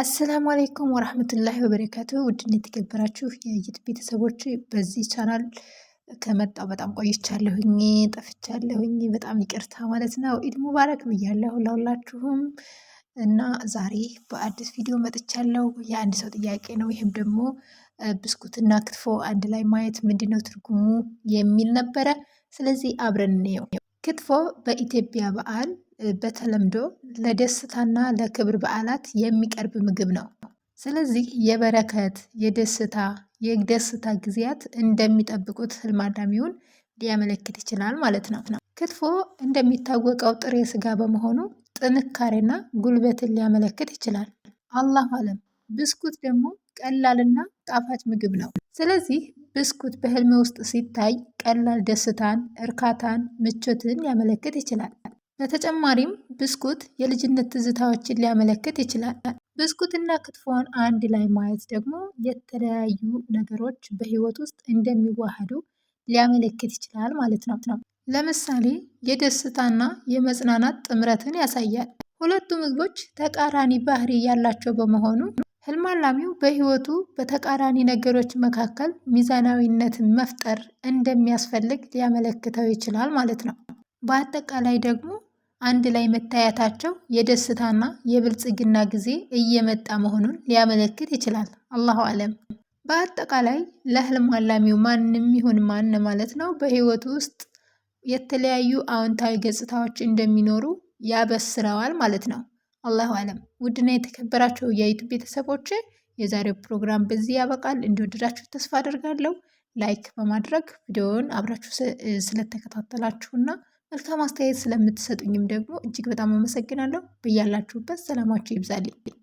አሰላሙ አሌይኩም ወረህመቱላሂ ወበረካቱ። ውድን የተከበራችሁ የይት ቤተሰቦች በዚህ ቻናል ከመጣው በጣም ቆይቻለሁኝ፣ ጠፍቻለሁኝ። በጣም ይቅርታ ማለት ነው። ኢድ ሙባረክ ብያለሁ ለሁላችሁም እና ዛሬ በአዲስ ቪዲዮ መጥቻለሁ። የአንድ ሰው ጥያቄ ነው። ይህም ደግሞ ብስኩትና ክትፎ አንድ ላይ ማየት ምንድነው ትርጉሙ የሚል ነበረ። ስለዚህ አብረን እንየው። ክትፎ በኢትዮጵያ በዓል በተለምዶ ለደስታና ለክብር በዓላት የሚቀርብ ምግብ ነው። ስለዚህ የበረከት የደስታ የደስታ ጊዜያት እንደሚጠብቁት ህልም አላሚውን ሊያመለክት ይችላል ማለት ነው። ክትፎ እንደሚታወቀው ጥሬ ስጋ በመሆኑ ጥንካሬና ጉልበትን ሊያመለክት ይችላል። አላህ አለም። ብስኩት ደግሞ ቀላልና ጣፋጭ ምግብ ነው። ስለዚህ ብስኩት በህልም ውስጥ ሲታይ ቀላል ደስታን፣ እርካታን፣ ምቾትን ሊያመለክት ይችላል። በተጨማሪም ብስኩት የልጅነት ትዝታዎችን ሊያመለክት ይችላል። ብስኩትና ክትፎን አንድ ላይ ማየት ደግሞ የተለያዩ ነገሮች በህይወት ውስጥ እንደሚዋሃዱ ሊያመለክት ይችላል ማለት ነው። ለምሳሌ የደስታና የመጽናናት ጥምረትን ያሳያል። ሁለቱ ምግቦች ተቃራኒ ባህሪ ያላቸው በመሆኑ ህልማላሚው በህይወቱ በተቃራኒ ነገሮች መካከል ሚዛናዊነትን መፍጠር እንደሚያስፈልግ ሊያመለክተው ይችላል ማለት ነው። በአጠቃላይ ደግሞ አንድ ላይ መታየታቸው የደስታና የብልጽግና ጊዜ እየመጣ መሆኑን ሊያመለክት ይችላል። አላሁ አለም። በአጠቃላይ ለህልም አላሚው ማንም ይሁን ማን ማለት ነው በህይወቱ ውስጥ የተለያዩ አዎንታዊ ገጽታዎች እንደሚኖሩ ያበስረዋል ማለት ነው። አላሁ አለም። ውድና የተከበራቸው የዩቱብ ቤተሰቦች የዛሬው ፕሮግራም በዚህ ያበቃል። እንዲወደዳችሁ ተስፋ አደርጋለሁ። ላይክ በማድረግ ቪዲዮውን አብራችሁ ስለተከታተላችሁና መልካም አስተያየት ስለምትሰጡኝም ደግሞ እጅግ በጣም አመሰግናለሁ። በያላችሁበት ሰላማችሁ ይብዛልኝ።